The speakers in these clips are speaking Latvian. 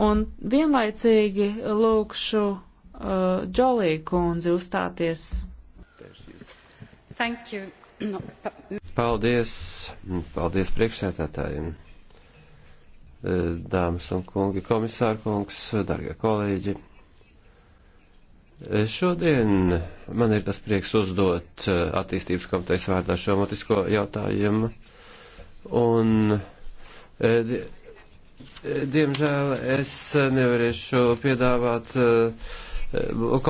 Un vienlaicīgi lūkšu uh, Džolī kundzi uzstāties. Thank you. No. Paldies, paldies priekšsētātājiem uh, dāmas un kungi, komisāra kungs, darbie kolēģi. Uh, šodien man ir tas prieks uzdot uh, attīstības komitejas vārdā šo mutisko jautājumu. Un Diemžēl es nevarēšu piedāvāt eh,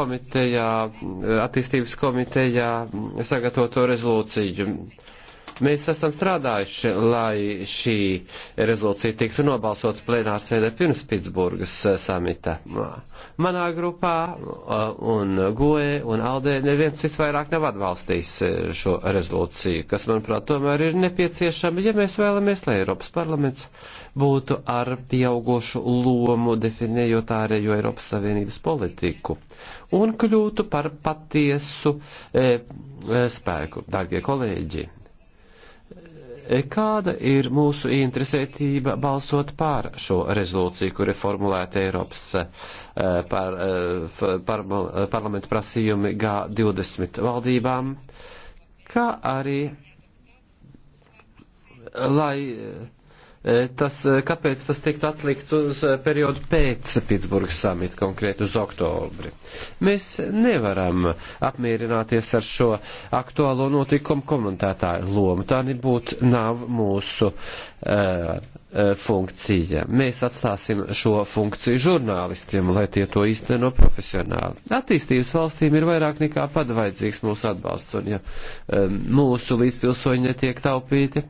komitejā, eh, attīstības komitejā eh, sagatavoto rezolūciju. Mēs esam strādājuši, lai šī rezolūcija tiktu nobalsot plenārsēdē pirms Pitsburgas eh, samita. Manā grupā eh, un Goe un Aldē neviens cits vairāk nav atbalstījis eh, šo rezolūciju, kas, manuprāt, tomēr ir nepieciešama, ja mēs vēlamies, lai Eiropas parlaments būtu ar pieaugošu lomu definējot ārējo Eiropas Savienības politiku un kļūtu par patiesu e, e, spēku. Dārgie kolēģi, Kāda ir mūsu interesētība balsot pār šo rezolūciju, kur ir formulēta Eiropas eh, par, eh, par, eh, parlamentu prasījumi G20 valdībām, kā arī lai Eh, tas, eh, kāpēc tas tiktu atlikts uz eh, periodu pēc Pitsburgas samita, konkrēti uz oktobri. Mēs nevaram apmierināties ar šo aktuālo notikumu komentētāju lomu. Tā nebūtu nav mūsu uh, funkcija. Mēs atstāsim šo funkciju žurnālistiem, lai tie to īsteno profesionāli. Attīstības valstīm ir vairāk nekā padvaidzīgs mūsu atbalsts, un ja um, mūsu līdzpilsoņi netiek taupīti,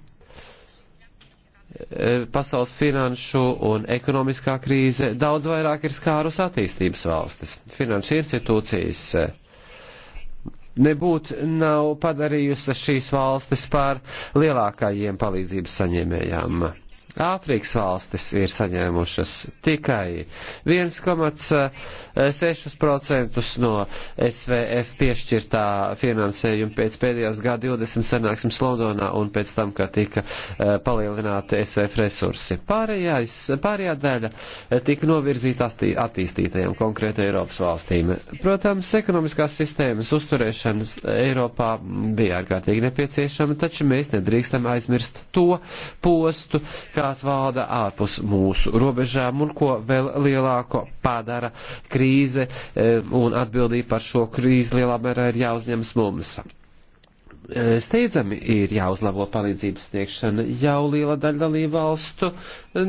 E, pasaules finanšu un ekonomiskā krīze daudz vairāk ir skārus attīstības valstis. Finanšu institūcijas e, nebūt nav padarījusi šīs valstis par lielākajiem palīdzības saņēmējām. Āfrikas valstis ir saņēmušas tikai 1,6% no SVF piešķirtā finansējuma pēc pēdējās G20 sanāksmes Londonā un pēc tam, kad tika eh, palielināti SVF resursi. Pārējais, pārējā daļa eh, tika novirzīta attīstītajām konkrēti Eiropas valstīm. Protams, ekonomiskās sistēmas uzturēšanas Eiropā bija ārkārtīgi nepieciešama, taču mēs nedrīkstam aizmirst to postu, ka kāds valda ārpus mūsu robežām un ko vēl lielāko padara krīze e, un atbildība par šo krīzi lielā mērā ir jāuzņemas mums e, steidzami ir jāuzlabo palīdzības sniegšana. Jau liela daļa dalību valstu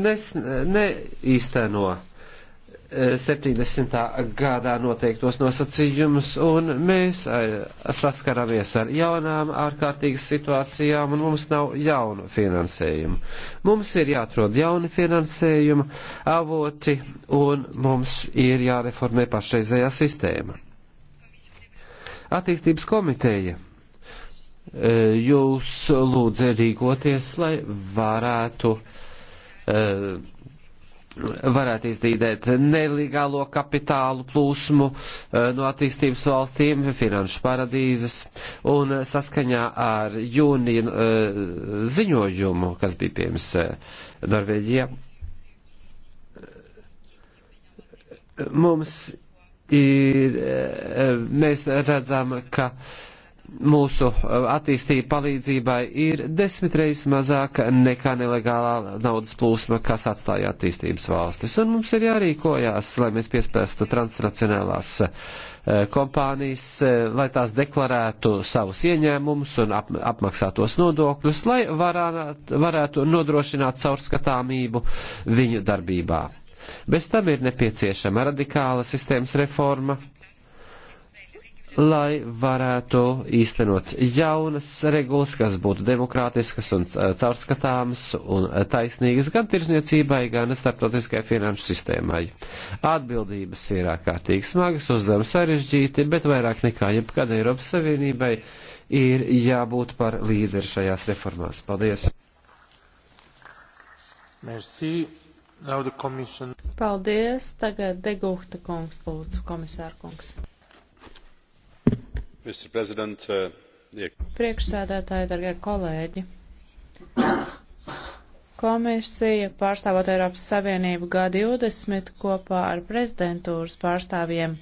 nes, neīsteno 70. gadā noteiktos nosacījumus, un mēs saskaramies ar jaunām ārkārtīgas situācijām, un mums nav jaunu finansējumu. Mums ir jāatrod jauni finansējuma avoti, un mums ir jāreformē pašreizējā sistēma. Attīstības komiteja e, jūs lūdzu rīkoties, lai varētu uh, varētu izdīdēt nelegālo kapitālu plūsmu eh, no attīstības valstīm, finanšu paradīzes, un saskaņā ar jūniju eh, ziņojumu, kas bija pieejams eh, Norvēģijā, mums ir, mēs redzam, ka uh, mūsu uh, attīstība palīdzībai ir desmit reizes mazāka nekā nelegālā naudas plūsma, kas atstāja attīstības valstis. Un mums ir jārīkojās, lai mēs piespēstu transnacionālās uh, kompānijas, uh, lai tās deklarētu savus ieņēmumus un ap, apmaksātos nodokļus, lai varāt, varētu nodrošināt caurskatāmību viņu darbībā. Bez tam ir nepieciešama radikāla sistēmas reforma, lai varētu īstenot jaunas regulas, kas būtu demokrātiskas un uh, caurskatāmas un uh, taisnīgas gan tirzniecībai, gan starptautiskai finanšu sistēmai. Atbildības ir ārkārtīgi smagas, uzdevumi sarežģīti, bet vairāk nekā jebkad Eiropas Savienībai ir jābūt par līderi šajās reformās. Paldies! Merci. Paldies. Tagad Degūhta kungs, lūdzu, komisāra kungs. Uh, Priekšsēdētāji, darbie kolēģi! Komisija pārstāvot Eiropas Savienību G20 kopā ar prezidentūras pārstāvjiem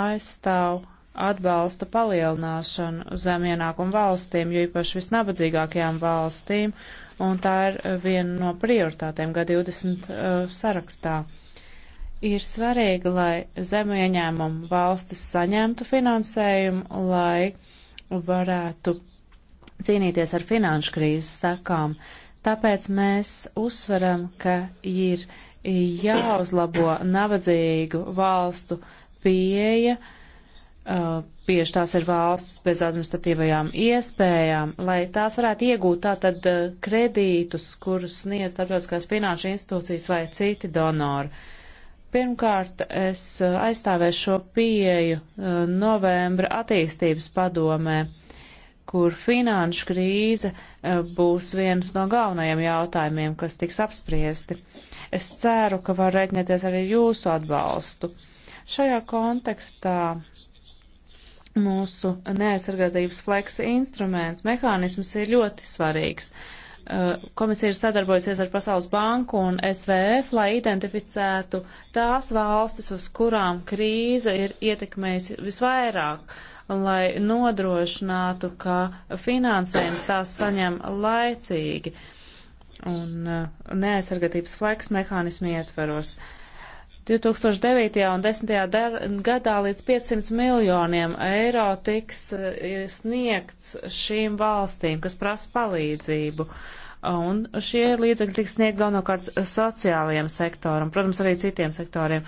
aizstāv atbalsta palielināšanu zem ienākumu valstīm, jo īpaši visnabadzīgākajām valstīm, un tā ir viena no prioritātēm G20 uh, sarakstā. Uh, ir svarīgi, lai zemu ieņēmumu valstis saņemtu finansējumu, lai varētu cīnīties ar finanšu krīzes sakām. Tāpēc mēs uzsveram, ka ir jāuzlabo nabadzīgu valstu pieeja, uh, bieži tās ir valsts bez administratīvajām iespējām, lai tās varētu iegūt tātad uh, kredītus, kurus sniedz starptautiskās finanšu institūcijas vai citi donori Pirmkārt, es eh, aizstāvēšu šo pieeju eh, novembra attīstības padomē, kur finanšu krīze eh, būs viens no galvenajiem jautājumiem, kas tiks apspriesti. Es ceru, ka var reiķināties arī jūsu atbalstu. Šajā kontekstā mūsu neaizsargātības fleksa instruments, mehānisms ir ļoti svarīgs. Uh, Eh, komisija ir sadarbojusies ar Pasaules banku un SVF, lai identificētu tās valstis, uz kurām krīze ir ietekmējusi visvairāk, lai nodrošinātu, ka finansējums tās saņem laicīgi un eh, neaizsargatības fleks mehānismi ietveros. 2009. un 2010. gadā līdz 500 miljoniem eiro tiks eh, sniegts šīm valstīm, kas prasa palīdzību. Uh, Un šie līdzekļi tiks sniegt galvenokārt sociālajiem sektoram, protams, arī citiem sektoriem.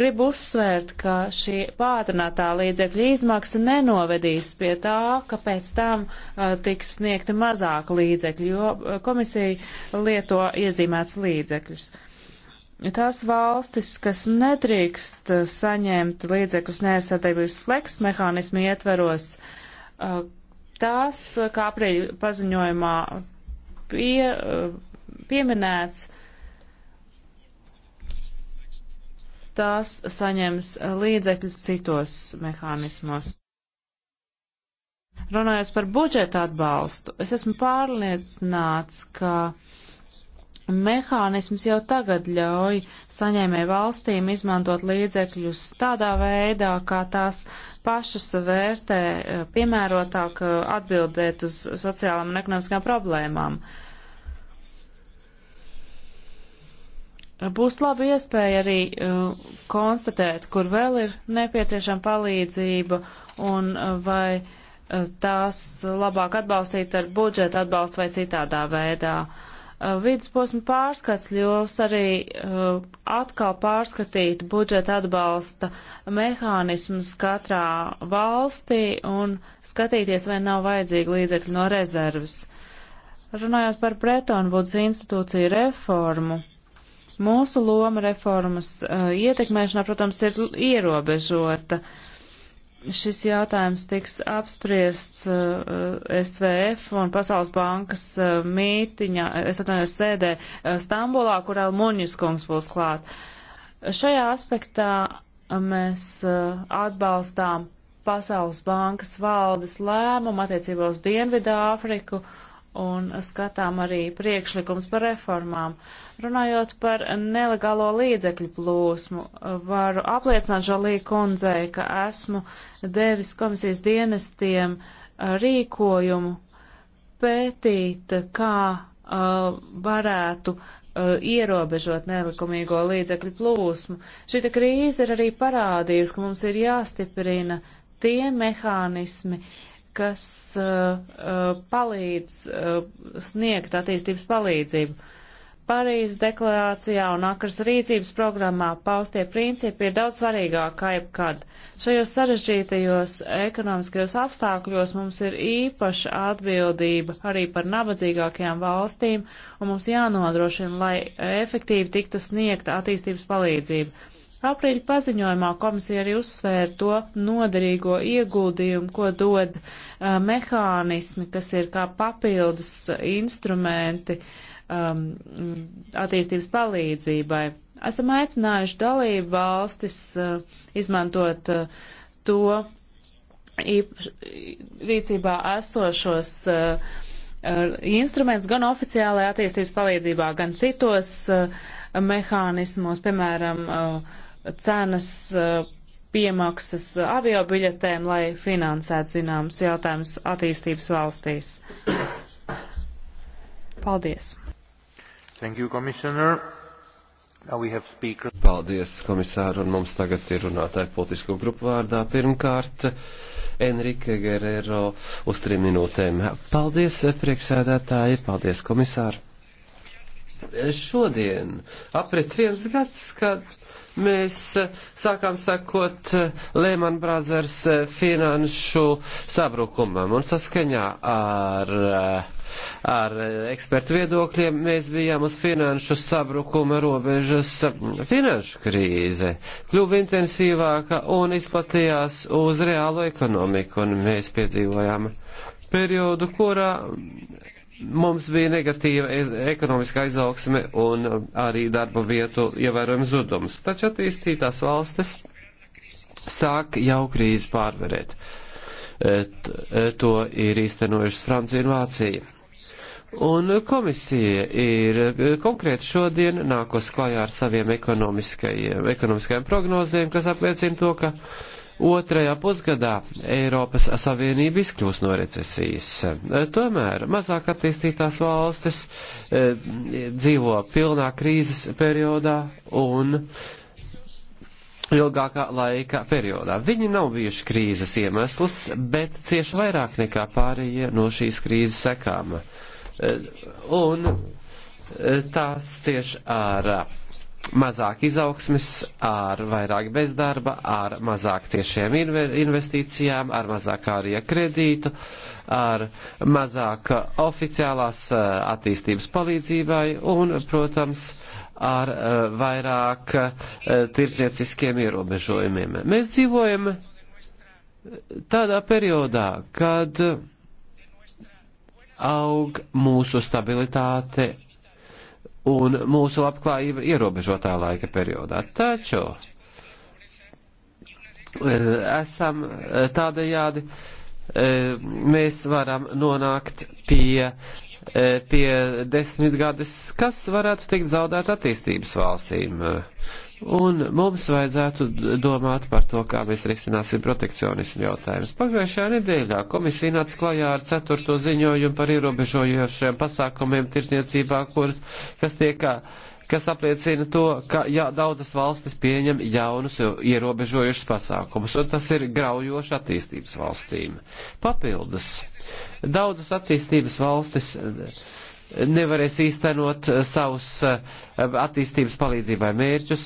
Gribu uzsvērt, ka šī pātrinātā līdzekļa izmaksa nenovedīs pie tā, ka pēc tam uh, tiks sniegti mazāk līdzekļi, jo komisija lieto iezīmēts līdzekļus. Tās valstis, kas nedrīkst saņemt līdzekļus neaizsardarbības fleks mehānismu ietveros, tās, kā aprīļa paziņojumā pie, eh, pieminēts, tās saņems līdzekļus citos mehānismos. Runājot par budžeta atbalstu, es esmu pārliecināts, ka uh, mehānisms jau tagad ļauj saņēmē valstīm izmantot līdzekļus tādā veidā, kā tās pašas vērtē eh, piemērotāk eh, atbildēt uz sociālām un ekonomiskām problēmām. Būs laba iespēja arī uh, konstatēt, kur vēl ir nepieciešama palīdzība un uh, vai uh, tās labāk atbalstīt ar budžeta atbalstu vai citādā veidā. Uh, Uh, vidusposma pārskats ļaus arī uh, atkal pārskatīt budžeta atbalsta mehānismus katrā valstī un skatīties, vai nav vajadzīgi līdzekļi no rezervas. Runājot par Bretonu Vuds institūciju reformu, mūsu loma reformas uh, ietekmēšanā, protams, ir ierobežota. Uh, šis jautājums tiks apspriests uh, eh, SVF un Pasaules bankas uh, mītiņā, es atvainojos sēdē uh, Stambulā, kur Almuņas kungs būs klāt. Šajā aspektā mēs uh, atbalstām Pasaules bankas valdes lēmumu attiecībā uz Dienvidā Āfriku un skatām arī priekšlikums par reformām. Uh, Runājot par nelegālo līdzekļu plūsmu, varu apliecināt Žalī kundzei, ka esmu devis komisijas dienestiem uh, rīkojumu pētīt, kā uh, varētu uh, ierobežot nelikumīgo līdzekļu plūsmu. Šita krīze ir arī parādījusi, ka mums ir jāstiprina tie mehānismi, kas uh, uh palīdz uh, sniegt attīstības palīdzību Parīzes deklarācijā un Akras rīcības programmā paustie principi ir daudz svarīgāk kā jebkad. Šajos sarežģītajos ekonomiskajos apstākļos mums ir īpaša atbildība arī par nabadzīgākajām valstīm, un mums jānodrošina, lai efektīvi tiktu sniegta attīstības palīdzība. Aprīļa paziņojumā komisija arī uzsvēra to noderīgo ieguldījumu, ko dod uh, mehānismi, kas ir kā papildus instrumenti uh, um, attīstības palīdzībai. Esam aicinājuši dalību valstis uh, izmantot uh, to īpaš, rīcībā esošos uh, uh, instruments gan oficiālajā attīstības palīdzībā, gan citos uh, mehānismos, piemēram, uh, cenas uh, piemaksas uh, avio biļetēm, lai finansētu zināmus jautājumus attīstības valstīs. Paldies! Thank you, Commissioner. Paldies, komisāru, un mums tagad ir runātāji politisko grupu vārdā. Pirmkārt, Enrique Guerrero uz trim minūtēm. Paldies, priekšsēdētāji, paldies, komisāru šodien aprist viens gads, kad mēs eh, sākām sakot eh, Lehman Brothers eh, finanšu sabrukumam un saskaņā ar, ar ekspertu viedokļiem mēs bijām uz finanšu sabrukuma robežas. Mm, finanšu krīze kļuva intensīvāka un izplatījās uz reālo ekonomiku un mēs piedzīvojām periodu, kurā mums bija negatīva ekonomiska izaugsme un arī darba vietu ievērojams zudums. Taču attīstītās valstis sāk jau krīzi pārvarēt. E, e, to ir īstenojušas Francija un Vācija. Un komisija ir konkrēti šodien nākos klajā ar saviem ekonomiskajiem, ekonomiskajiem prognozēm, kas apliecina to, ka uh, otrajā pusgadā Eiropas Savienība izkļūs no recesijas. Tomēr mazāk attīstītās valstis eh, dzīvo pilnā krīzes periodā un ilgākā laika periodā. Viņi nav bijuši krīzes iemesls, bet cieši vairāk nekā pārējie no šīs krīzes sekām. Eh, un eh, tās cieši ārā mazāk izaugsmes, ar vairāk bezdarba, ar mazāk tiešiem investīcijām, ar mazāk arī kredītu, ar mazāk oficiālās eh, attīstības palīdzībai un, protams, ar eh, vairāk eh, tirdznieciskiem ierobežojumiem. Mēs dzīvojam tādā periodā, kad aug mūsu stabilitāte un mūsu labklājība ierobežotā laika periodā. Taču e, esam tādējādi e, mēs varam nonākt pie E, pie desmitgades, kas varētu tikt zaudēt attīstības valstīm. Un mums vajadzētu domāt par to, kā mēs risināsim protekcionismu jautājumus. Pagājušajā nedēļā komisija nāca klajā ar ceturto ziņojumu par ierobežojošiem pasākumiem tirzniecībā, kuras, kas tiek kas apliecina to, ka jā, daudzas valstis pieņem jaunus ierobežojušus pasākumus, un tas ir graujoši attīstības valstīm. Papildus, daudzas attīstības valstis nevarēs īstenot savus eh, attīstības palīdzībai mērķus,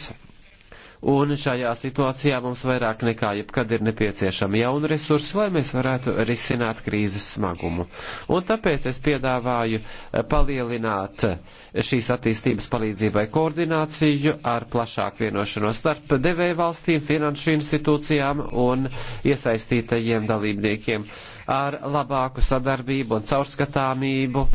un šajā situācijā mums vairāk nekā jebkad ir nepieciešama jauna resursa, lai mēs varētu risināt krīzes smagumu. Un tāpēc es piedāvāju eh, palielināt eh, šīs attīstības palīdzībai koordināciju ar plašāku vienošanos starp devēju valstīm, finanšu institūcijām un iesaistītajiem dalībniekiem ar labāku sadarbību un caurskatāmību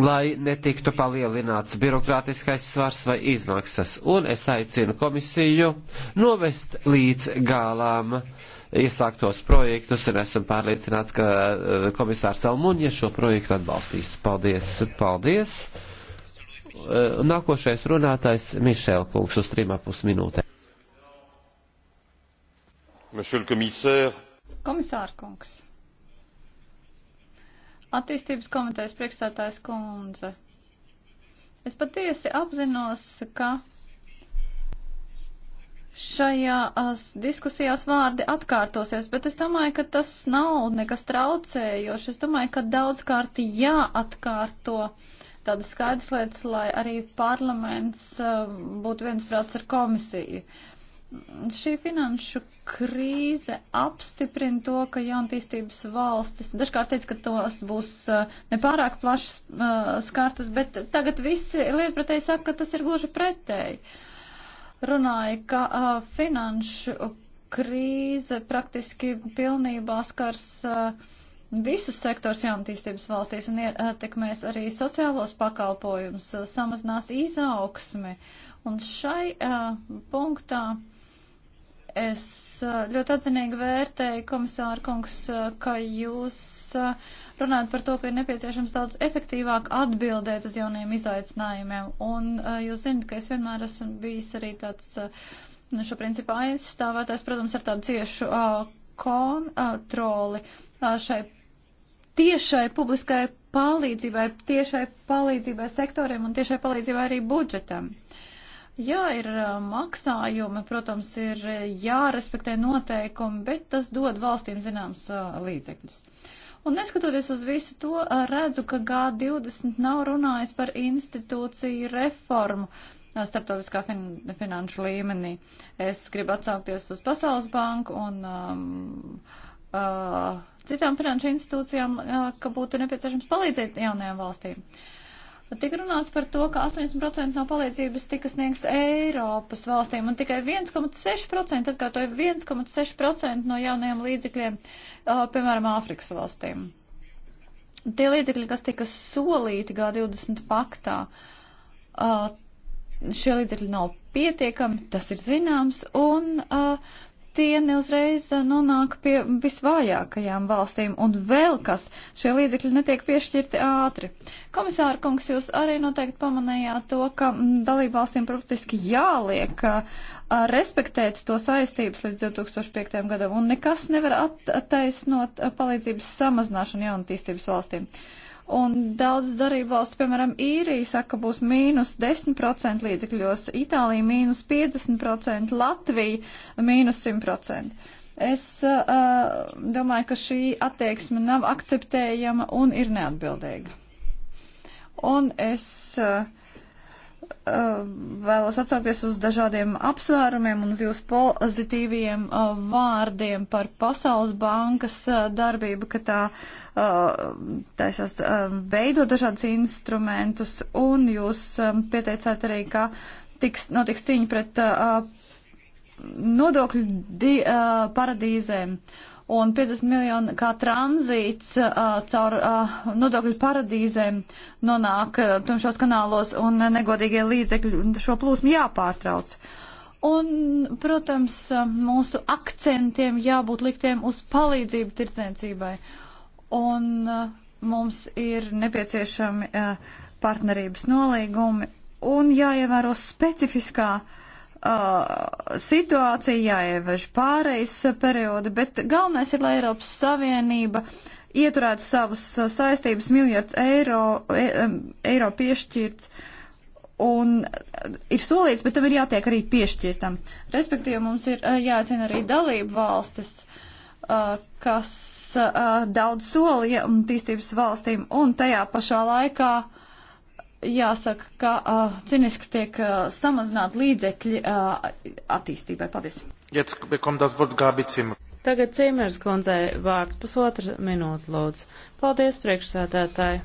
lai netiktu palielināts birokrātiskais svars vai izmaksas. Un es aicinu komisiju novest līdz galām iesāktos projektus, un esmu pārliecināts, ka eh, komisārs Almuņa šo projektu atbalstīs. Paldies! Paldies! Eh, nākošais runātājs Mišēl Kungs uz trim apus minūtē. Komisār Kungs! Attīstības komitejas priekšstādājas kundze. Es patiesi apzinos, ka šajās diskusijās vārdi atkārtosies, bet es domāju, ka tas nav nekas traucējošs. Es domāju, ka daudzkārt jāatkārto tādas skaidras lietas, lai arī parlaments uh, būtu viensprāts ar komisiju. Uh, šī finanšu krīze apstiprina to, ka jaunatīstības valstis dažkārt teica, ka tos būs eh, nepārāk plašas uh, skartas, bet tagad visi lietpratēji saka, ka tas ir gluži pretēji. Runāja, ka uh, finanšu krīze praktiski pilnībā skars. Uh, visus sektors jaunatīstības valstīs un ietekmēs arī sociālos pakalpojumus, eh, samazinās izaugsmi. Un šai uh, punktā es uh, ļoti atzinīgi vērtēju, komisāra kungs, uh, ka jūs uh, runājat par to, ka ir nepieciešams daudz efektīvāk atbildēt uz jauniem izaicinājumiem. Un uh, jūs zinat, ka es vienmēr esmu bijis arī tāds. Uh, Nu, šo principu aizstāvētājs, protams, ar tādu ciešu uh, kontroli šai tiešai publiskai palīdzībai, tiešai palīdzībai sektoriem un tiešai palīdzībai arī budžetam. Jā, ir maksājumi, protams, ir jārespektē noteikumi, bet tas dod valstīm zināms līdzekļus. Un neskatoties uz visu to, redzu, ka G20 nav runājis par institūciju reformu starptautiskā fin finanšu līmenī. Es gribu atsaukties uz Pasaules banku un um, uh, citām finanšu institūcijām, uh, ka būtu nepieciešams palīdzēt jaunajām valstīm. Tik runāts par to, ka 80% no palīdzības tika sniegts Eiropas valstīm un tikai 1,6%, atkārtoju, 1,6% no jaunajiem līdzekļiem, uh, piemēram, Āfrikas valstīm tie līdzekļi, kas tika solīti G20 paktā, uh, šie līdzekļi nav pietiekami, tas ir zināms, un uh, tie neuzreiz nonāk pie visvājākajām valstīm, un vēl kas, šie līdzekļi netiek piešķirti ātri. Komisāra kungs, jūs arī noteikti pamanījāt to, ka dalību valstīm praktiski jāliek a, a, respektēt to saistības līdz 2005. gadam, un nekas nevar attaisnot palīdzības samazināšanu jaunatīstības valstīm. Uh, un daudz darību valsts, piemēram, īrija saka, būs mīnus 10% līdzekļos, Itālija mīnus 50%, Latvija mīnus 100%. Es uh, uh, domāju, ka šī attieksme nav akceptējama un ir neatbildīga. Un es uh, vēlos atsaukties uz dažādiem apsvērumiem un uz jūsu pozitīviem vārdiem par Pasaules bankas darbību, ka tā taisās veido dažādus instrumentus, un jūs pieteicāt arī, ka tiks, notiks cīņa pret nodokļu paradīzēm. Uh, un 50 miljoni kā tranzīts uh, caur uh, nodokļu paradīzēm nonāk uh, tumšos kanālos un uh, negodīgie līdzekļi šo plūsmu jāpārtrauc. Un, protams, uh, mūsu akcentiem jābūt liktiem uz palīdzību tirdzniecībai. Un uh, mums ir nepieciešami uh, partnerības nolīgumi un jāievēro specifiskā uh, uh, situācija, jāievieš pārejas periodi, bet galvenais ir, lai Eiropas Savienība ieturētu savus uh, saistības miljards eiro, e, um, eiro piešķirts. Un ir solīts, bet tam ir jātiek arī piešķirtam. Respektīvi, mums ir uh, jāatcina arī dalību valstis, uh, kas uh, daudz solīja un tīstības valstīm, un tajā pašā laikā uh, jāsaka, ka uh, ciniski tiek uh, samazināt līdzekļi uh, attīstībai. Paldies. Tagad Cīmērs kundzei vārds pusotra minūte lūdzu. Paldies priekšsētētāji.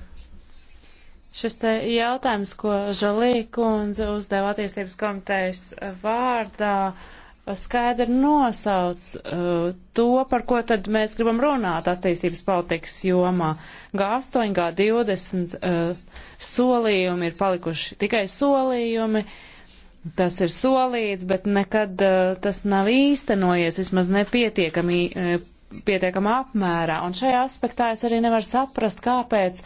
Šis te jautājums, ko Žalī kundze uzdeva attīstības komitejas vārdā. Uh, skaidri nosauc uh, to, par ko tad mēs gribam runāt attīstības politikas jomā. G8, G20 uh, solījumi ir palikuši tikai solījumi. Tas ir solīts, bet nekad uh, tas nav īstenojies, vismaz nepietiekami, uh, pietiekamā apmērā. Un šajā aspektā es arī nevaru saprast, kāpēc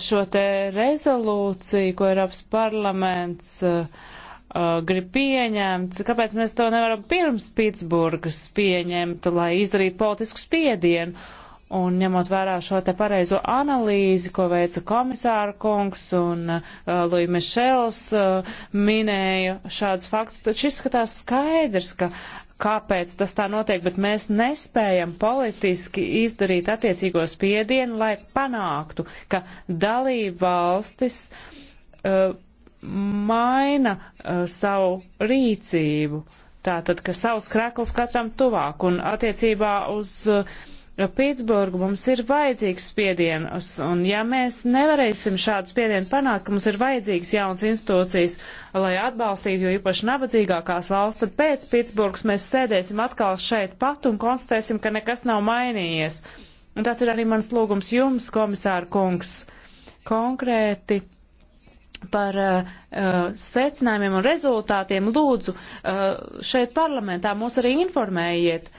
šo te rezolūciju, ko Eiropas parlaments uh, uh, grib pieņemt, kāpēc mēs to nevaram pirms Pitsburgas pieņemt, lai izdarītu politisku spiedienu. Un ņemot vērā šo te pareizo analīzi, ko veica komisāra kungs un uh, Lui Mišels uh, minēja šādus faktus, taču izskatās skaidrs, ka kāpēc tas tā notiek, bet mēs nespējam politiski izdarīt attiecīgo spiedienu, lai panāktu, ka dalība valstis uh, maina uh, savu rīcību. Tātad, ka savs krekls katram tuvāk un attiecībā uz uh, Pitsburgu mums ir vajadzīgs spiediens, un ja mēs nevarēsim šādu spiedienu panākt, ka mums ir vajadzīgs jauns institūcijas, lai atbalstītu, jo īpaši nabadzīgākās valsts, tad pēc Pitsburgas mēs sēdēsim atkal šeit pat un konstatēsim, ka nekas nav mainījies. Un tāds ir arī mans lūgums jums, komisāra kungs, konkrēti par uh, secinājumiem un rezultātiem, lūdzu, uh, šeit parlamentā mūs arī informējiet,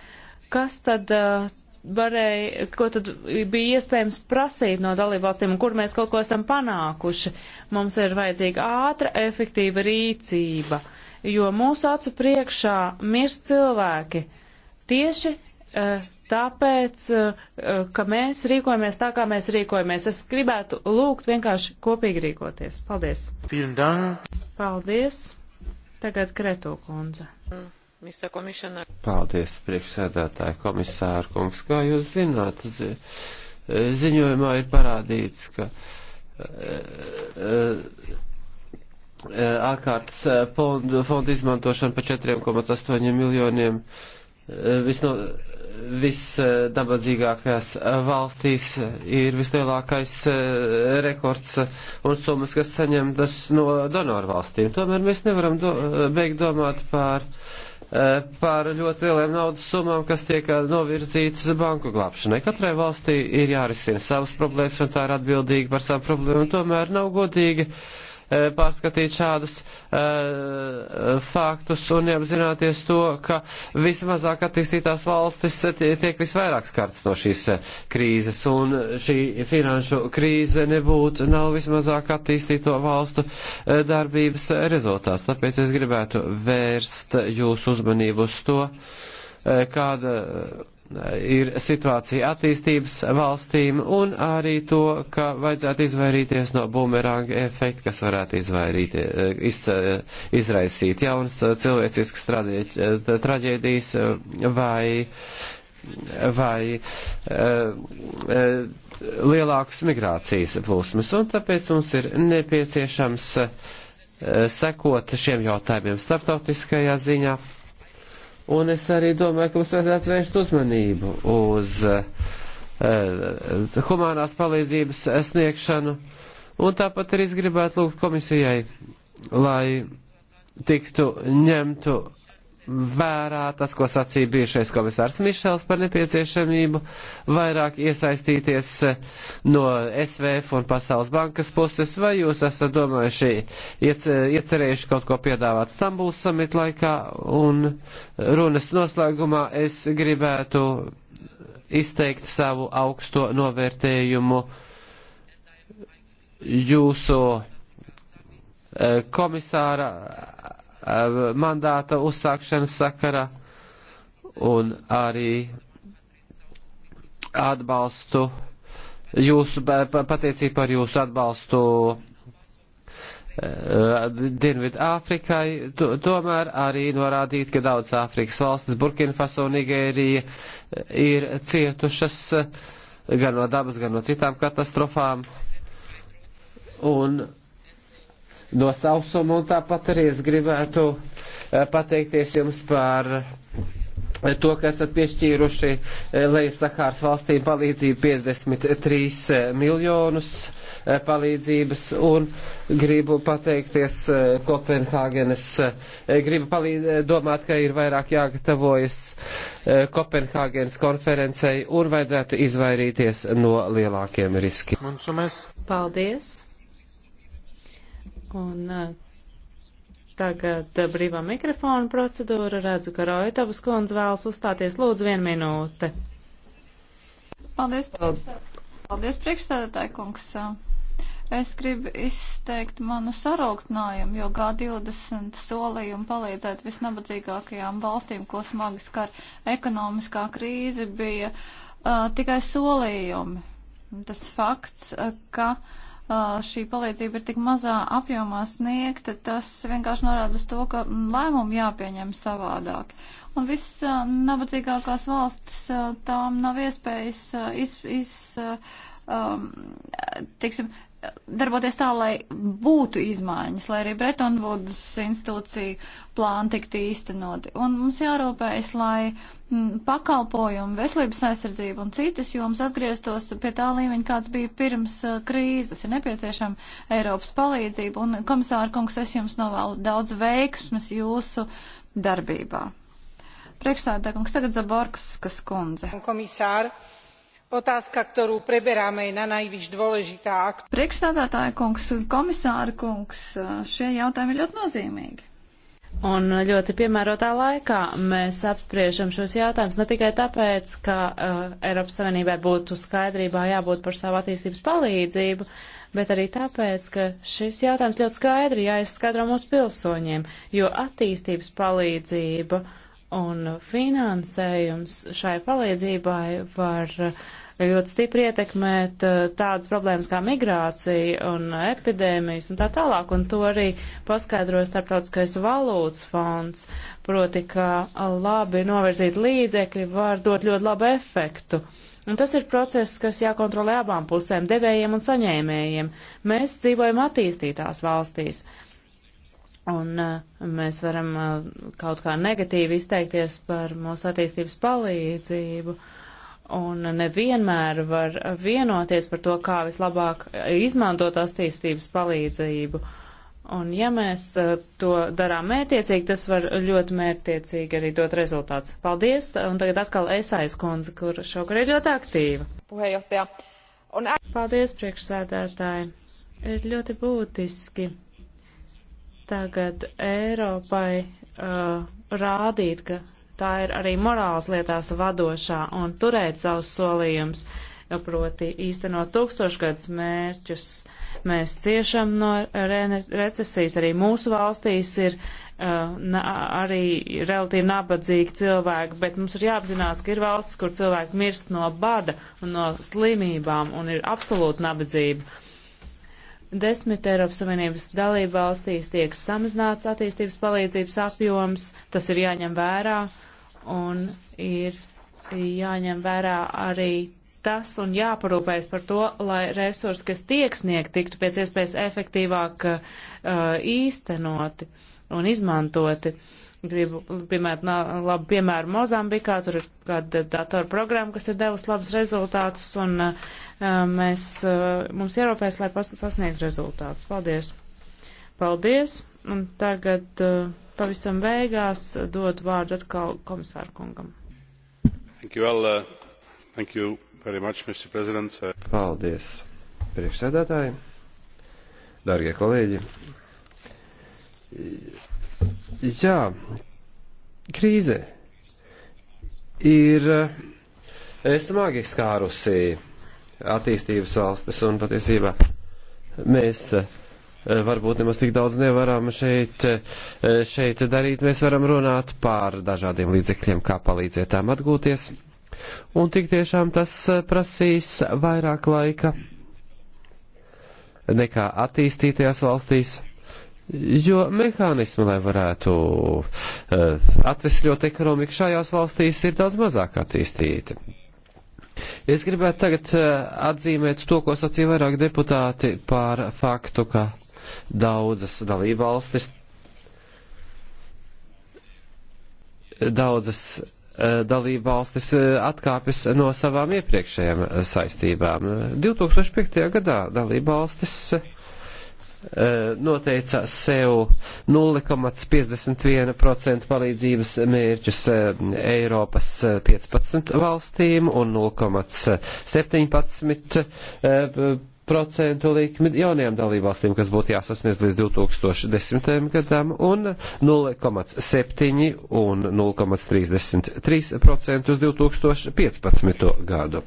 kas tad uh, varēja, ko tad bija iespējams prasīt no dalībvalstīm un kur mēs kaut ko esam panākuši. Mums ir vajadzīga ātra, efektīva rīcība, jo mūsu acu priekšā mirst cilvēki tieši uh, tāpēc, eh, ka mēs rīkojamies tā, kā mēs rīkojamies. Es gribētu lūgt vienkārši kopīgi rīkoties. Paldies. Paldies. Tagad Kreto kundze. Paldies, priekšsēdētāji komisāra kungs. Kā jūs zināt, zi, eh, ziņojumā ir parādīts, ka eh, ārkārtas fondu, fondu izmantošana pa 4,8 miljoniem visno, visdabadzīgākajās valstīs ir vislielākais eh, rekords un summas, kas saņemtas no donoru valstīm. Tomēr mēs nevaram do beigt domāt par, eh, par ļoti lieliem naudas summām, kas tiek eh, novirzītas banku glābšanai. Katrai valstī ir jārisina savas problēmas un tā ir atbildīga par savu problēmu. Tomēr nav godīgi. Uh, E, pārskatīt šādus uh, faktus un apzināties to, ka vismazāk attīstītās valstis tiek visvairāk skarts no šīs e, krīzes, un šī finanšu krīze nebūtu nav vismazāk attīstīto valstu darbības rezultāts. Tāpēc es gribētu vērst jūsu uzmanību uz to, kāda ir situācija attīstības valstīm un arī to, ka vajadzētu izvairīties no bumeranga efekta, kas varētu izvairīt, iz, izraisīt jaunas cilvēciskas traģēdijas vai, vai e, e, lielākas migrācijas plūsmas. Un tāpēc mums ir nepieciešams e, sekot šiem jautājumiem starptautiskajā ziņā Un es arī domāju, ka mums vajadzētu vērst uzmanību uz uh, uh, humanās palīdzības sniegšanu. Un tāpat arī es gribētu lūgt komisijai, lai tiktu ņemtu vērā tas, ko sacīja bijušais komisārs Mišels par nepieciešamību vairāk iesaistīties no SVF un Pasaules bankas puses, vai jūs esat domājuši iecerējuši kaut ko piedāvāt Stambuls samit laikā, un runas noslēgumā es gribētu izteikt savu augsto novērtējumu jūsu eh, komisāra Uh, mandāta uzsākšanas sakara un arī atbalstu jūsu, pateicību par jūsu atbalstu uh, Dienvidu Āfrikai, tomēr arī norādīt, ka daudz Āfrikas valstis, Burkina Faso un Nigērija, uh, ir cietušas gan no dabas, gan no citām katastrofām. Un no sausuma, un tāpat arī es gribētu eh, pateikties jums par eh, to, ka esat piešķīruši eh, Lejas Sahāras valstīm palīdzību 53 miljonus palīdzības un gribu pateikties Kopenhāgenes, gribu palīd, domāt, ka ir vairāk jāgatavojas Kopenhāgenes konferencei un vajadzētu izvairīties no lielākiem riskiem. Paldies! Un eh, tagad brīvā mikrofona procedūra. Redzu, ka Roitovas kundze vēlas uzstāties. Lūdzu, vienu minūte. Paldies, paldies priekšstādātāji kungs. Es gribu izteikt manu sarūktinājumu, jo G20 solījumu palīdzēt visnabadzīgākajām valstīm, ko smagi skar ekonomiskā krīze, bija uh, tikai solījumi. Tas fakts, uh, ka uh, šī palīdzība ir tik mazā apjomā sniegta, tas vienkārši norāda uz to, ka lēmumu jāpieņem savādāk. Un viss nabadzīgākās valsts tām nav iespējas iz, iz, um, tiksim, darboties tā, lai būtu izmaiņas, lai arī Bretonvudas institūcija plāni tiktu īstenoti. Un mums jārūpējas, lai m, mm, pakalpojumi, veselības aizsardzība un citas jomas atgrieztos pie tā līmeņa, kāds bija pirms uh, krīzes. Ir nepieciešama Eiropas palīdzība, un komisāra kungs, es jums novēlu daudz veiksmes jūsu darbībā. Priekšstādā kungs, tagad Zaborkas kundze. Komisāra otázka, ktorú preberáme, je nanajvýš dôležitá. Priekšstādātāja kungs, komisāra kungs, šie jautājumi ir ļoti nozīmīgi. Un ļoti piemērotā laikā mēs apspriežam šos jautājumus ne tikai tāpēc, ka uh, Eiropas Savienībai būtu skaidrībā jābūt par savu attīstības palīdzību, bet arī tāpēc, ka šis jautājums ļoti skaidri jāizskaidro mūsu pilsoņiem, jo attīstības palīdzība un finansējums šai palīdzībai var uh, ļoti stipri ietekmēt eh, tādas problēmas kā migrācija un epidēmijas un tā tālāk, un to arī paskaidro starptautiskais valūtas fonds, proti, ka labi novirzīt līdzekļi var dot ļoti labu efektu. Un tas ir process, kas jākontrolē abām pusēm, devējiem un saņēmējiem. Mēs dzīvojam attīstītās valstīs. Un eh, mēs varam eh, kaut kā negatīvi izteikties par mūsu attīstības palīdzību. Uh, un nevienmēr var vienoties par to, kā vislabāk izmantot attīstības palīdzību. Un ja mēs eh, to darām mērtiecīgi, tas var ļoti mērtiecīgi arī dot rezultāts. Paldies, un tagad atkal es aizkundze, kur šogad ir ļoti aktīva. Puhejohtaja. Un... Paldies, priekšsēdētāji. Ir ļoti būtiski tagad Eiropai uh, rādīt, ka tā ir arī morāls lietās vadošā un turēt savus solījumus, proti īstenot tūkstošgadus mērķus. Mēs ciešam no re recesijas, arī mūsu valstīs ir uh, arī relatīvi nabadzīgi cilvēki, bet mums ir jāapzinās, ka ir valstis, kur cilvēki mirst no bada un no slimībām un ir absolūta nabadzība desmit Eiropas Savienības dalība valstīs tiek samazināts attīstības palīdzības apjoms, tas ir jāņem vērā, un ir jāņem vērā arī tas un jāparūpējas par to, lai resursi, kas tiek sniegt, tiktu pēc iespējas efektīvāk uh, īstenoti un izmantoti. Gribu, piemēram, labu piemēru Mozambikā, tur ir kāda datora programma, kas ir devusi labus rezultātus, un uh, mēs, uh, mums ieropēs, lai sasniegtu rezultātus. Paldies! Paldies! Un tagad. Uh, pavisam beigās dod vārdu atkal komisāru kungam. Thank you, all, uh, thank you very much, Mr. President. Paldies, priekšsēdētāji, dārgie kolēģi. Jā, krīze ir eh, smagi skārusi attīstības valstis un patiesībā mēs uh, Eh, varbūt nemaz tik daudz nevaram šeit, eh, šeit darīt. Mēs varam runāt par dažādiem līdzekļiem, kā palīdzēt tām atgūties. Un tik tiešām tas eh, prasīs vairāk laika nekā attīstītajās valstīs. Jo mehānismi, lai varētu atvesļot ekonomiku šajās valstīs, ir daudz mazāk attīstīti. Es gribētu tagad atzīmēt to, ko sacīja vairāk deputāti par faktu, ka daudzas dalībvalstis, daudzas e, dalībvalstis e, atkāpjas no savām iepriekšējām e, saistībām. 2005. gadā dalībvalstis noteica sev 0,51% palīdzības mērķus Eiropas 15 valstīm un 0,17% procentu likmi jaunajām dalībvalstīm, kas būtu jāsasniedz līdz 2010. gadam, un 0,7 un 0,33 procentu uz 2015. gadu.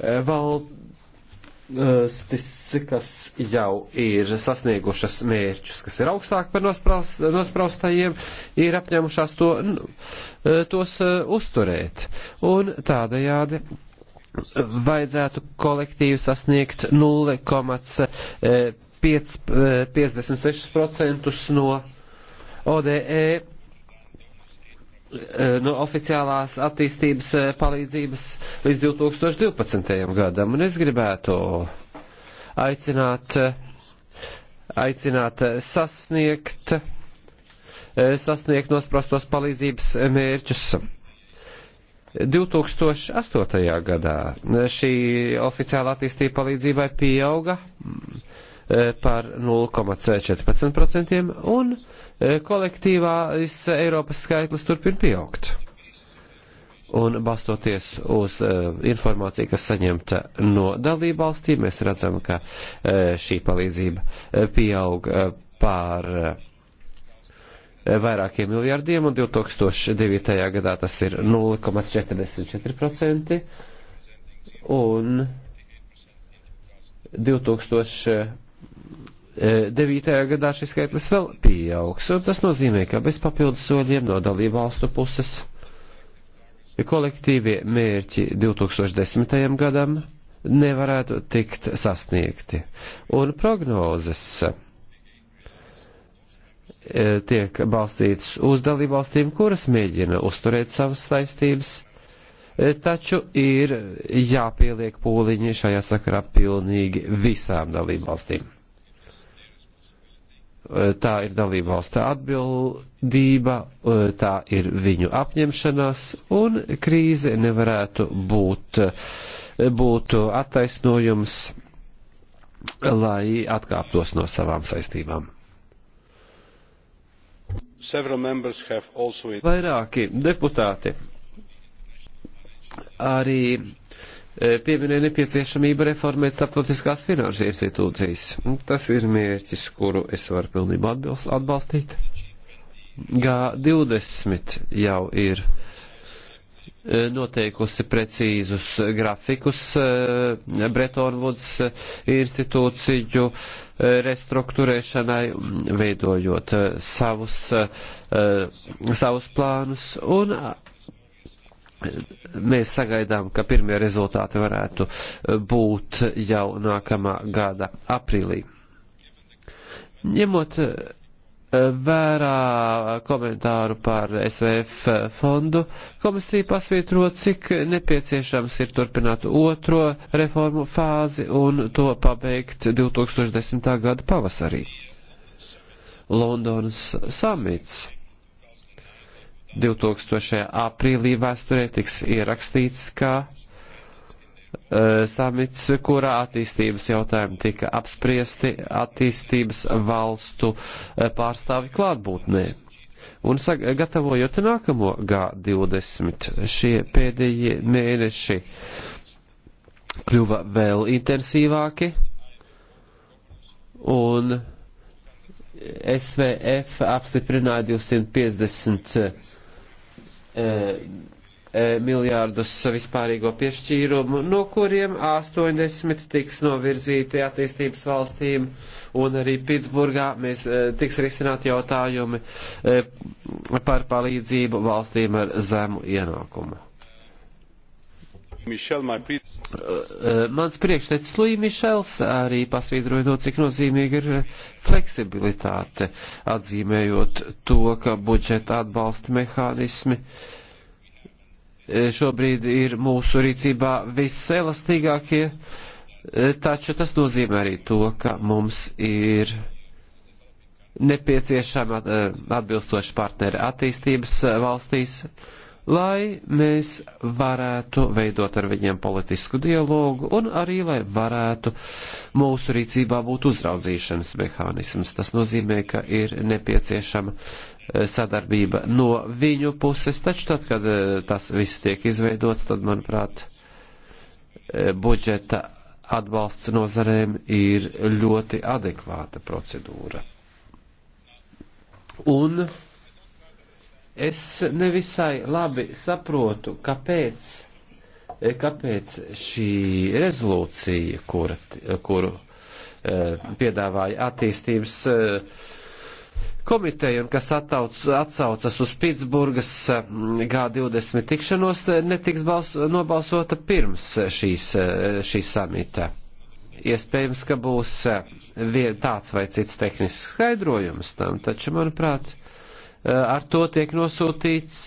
E, valstis, kas jau ir sasniegušas mērķus, kas ir augstāk par nospraustajiem, ir apņēmušās to, e, tos e, uzturēt. Un tādējādi vajadzētu kolektīvi sasniegt 0,56% eh, eh, no ODE, eh, no oficiālās attīstības palīdzības līdz 2012. gadam. Un es gribētu aicināt, aicināt sasniegt, sasniegt nosprostos palīdzības mērķus 2008. gadā šī oficiāla attīstība palīdzībai pieauga e, par 0,14% un e, kolektīvās Eiropas skaitlis turpina pieaugt. Un balstoties uz uh, informāciju, kas saņemta no dalībvalstīm, mēs redzam, ka uh, šī palīdzība uh, pieaug uh, pār uh, vairākiem miljardiem, un 2009. gadā tas ir 0,44%, un 2009. gadā šis skaitlis vēl pieaugs, un tas nozīmē, ka bez papildus soļiem no dalību valstu puses kolektīvie mērķi 2010. gadam nevarētu tikt sasniegti. Un prognozes E, tiek balstīts uz dalībvalstīm, kuras mēģina uzturēt savas saistības, e, taču ir jāpieliek pūliņi šajā sakarā pilnīgi visām dalībvalstīm. E, tā ir dalībvalsta atbildība, tā ir viņu apņemšanās, un krīze nevarētu būt, būt attaisnojums, lai atkāptos no savām saistībām. Also... Vairāki deputāti arī e, pieminēja nepieciešamību reformēt starptautiskās finanšu institūcijas. Tas ir mērķis, kuru es varu pilnībā atbalstīt. G20 jau ir uh, Eh, noteikusi precīzus grafikus eh, Bretonvuds eh, institūciju restruktūrēšanai, veidojot savus, savus plānus un mēs sagaidām, ka pirmie rezultāti varētu būt jau nākamā gada aprīlī. Ņemot vērā komentāru par SVF fondu, komisija pasvītro, cik nepieciešams ir turpināt otro reformu fāzi un to pabeigt 2010. gada pavasarī. Londonas samits 2000. aprīlī vēsturē tiks ierakstīts kā Uh, samits, kurā attīstības jautājumi tika apspriesti attīstības valstu uh, pārstāvi klātbūtnē. Un gatavojot nākamo G20, šie pēdējie mēneši kļuva vēl intensīvāki, un SVF apstiprināja 250 e, E, miljārdus vispārīgo piešķīrumu, no kuriem 80 tiks novirzīti attīstības valstīm, un arī Pitsburgā mēs e, tiks risināt jautājumi e, par palīdzību valstīm ar zemu ienākumu. Mišel, Mans priekštecis Līja Mišels arī pasvītroja to, cik nozīmīga ir fleksibilitāte, atzīmējot to, ka budžeta atbalsta mehānismi uh, E, šobrīd ir mūsu rīcībā viselastīgākie, e, taču tas nozīmē arī to, ka mums ir nepieciešama e, atbilstoša partneri attīstības valstīs, lai mēs varētu veidot ar viņiem politisku dialogu un arī, lai varētu mūsu rīcībā būt uzraudzīšanas mehānisms. Tas nozīmē, ka ir nepieciešama eh, sadarbība no viņu puses, taču tad, kad eh, tas viss tiek izveidots, tad, manuprāt, eh, budžeta atbalsts nozarēm ir ļoti adekvāta procedūra. Un Es nevisai labi saprotu, kāpēc, e, kāpēc šī rezolūcija, kur, e, kuru e, piedāvāja attīstības komiteja un kas atauc, atsaucas uz Pitsburgas mm, G20 tikšanos, netiks bals, nobalsota pirms šīs, šīs samita. Iespējams, ka būs vien tāds vai cits tehnisks skaidrojums tam, taču, manuprāt, uh, Eh, ar to tiek nosūtīts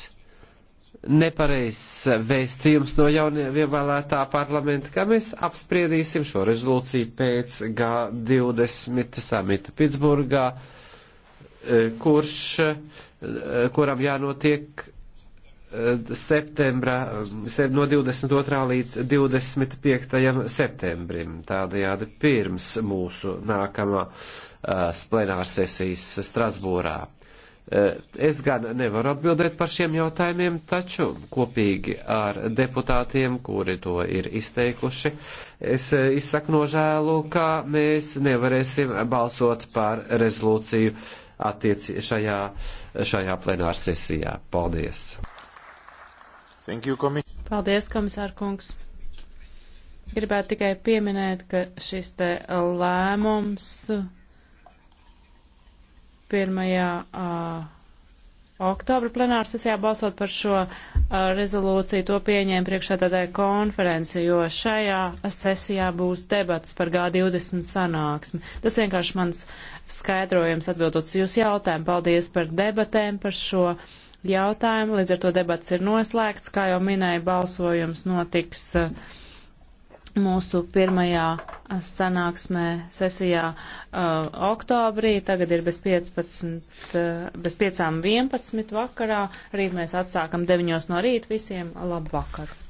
nepareizs vēstījums no jaunievēlētā parlamenta, ka mēs apspriedīsim šo rezolūciju pēc G20 samita Pitsburgā, eh, kurš, eh, kuram jānotiek septembra, no 22. līdz 25. septembrim, tādajādi pirms mūsu nākamā plenārsesijas Strasbūrā. Eh, es gan nevaru atbildēt par šiem jautājumiem, taču kopīgi ar deputātiem, kuri to ir izteikuši, es eh, izsaku nožēlu, ka mēs nevarēsim balsot par rezolūciju attieci šajā, šajā plenārsesijā. Paldies! Thank you, komis Paldies, komisārkungs! Gribētu tikai pieminēt, ka šis te lēmums 1. oktobra plenāra sesijā balsot par šo rezolūciju. To pieņēma priekšādādāja konference, jo šajā sesijā būs debats par G20 sanāksmi. Tas vienkārši mans skaidrojums atbildot uz jūsu jautājumu. Paldies par debatēm par šo jautājumu. Līdz ar to debats ir noslēgts. Kā jau minēja, balsojums notiks. Uh, mūsu pirmajā sanāksmē sesijā uh, oktobrī, tagad ir bez 15, uh, bez 5.11 vakarā, rīt mēs atsākam 9.00 no rīta, visiem labu vakaru!